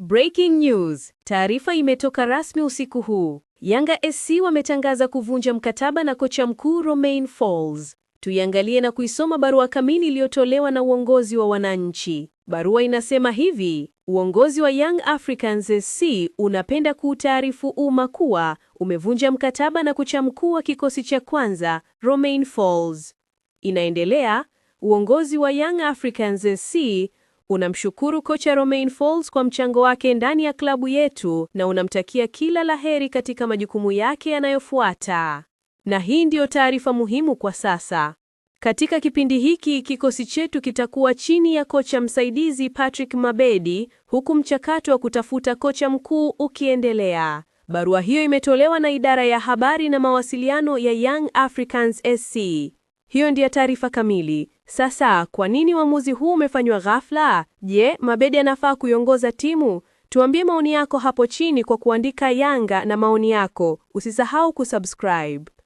Breaking news. Taarifa imetoka rasmi usiku huu. Yanga SC wametangaza kuvunja mkataba na kocha mkuu Romain Folz. Tuiangalie na kuisoma barua kamili iliyotolewa na uongozi wa wananchi. Barua inasema hivi: Uongozi wa Young Africans SC unapenda kuutaarifu umma kuwa umevunja mkataba na kocha mkuu wa kikosi cha kwanza Romain Folz. Inaendelea, uongozi wa Young Africans SC Unamshukuru kocha Romain Folz kwa mchango wake ndani ya klabu yetu na unamtakia kila laheri katika majukumu yake yanayofuata. Na hii ndiyo taarifa muhimu kwa sasa. Katika kipindi hiki kikosi chetu kitakuwa chini ya kocha msaidizi Patrick Mabedi, huku mchakato wa kutafuta kocha mkuu ukiendelea. Barua hiyo imetolewa na idara ya habari na mawasiliano ya Young Africans SC. Hiyo ndiyo taarifa kamili. Sasa kwa nini uamuzi huu umefanywa ghafla? Je, Mabedi anafaa kuiongoza timu? Tuambie maoni yako hapo chini kwa kuandika Yanga na maoni yako. Usisahau kusubscribe.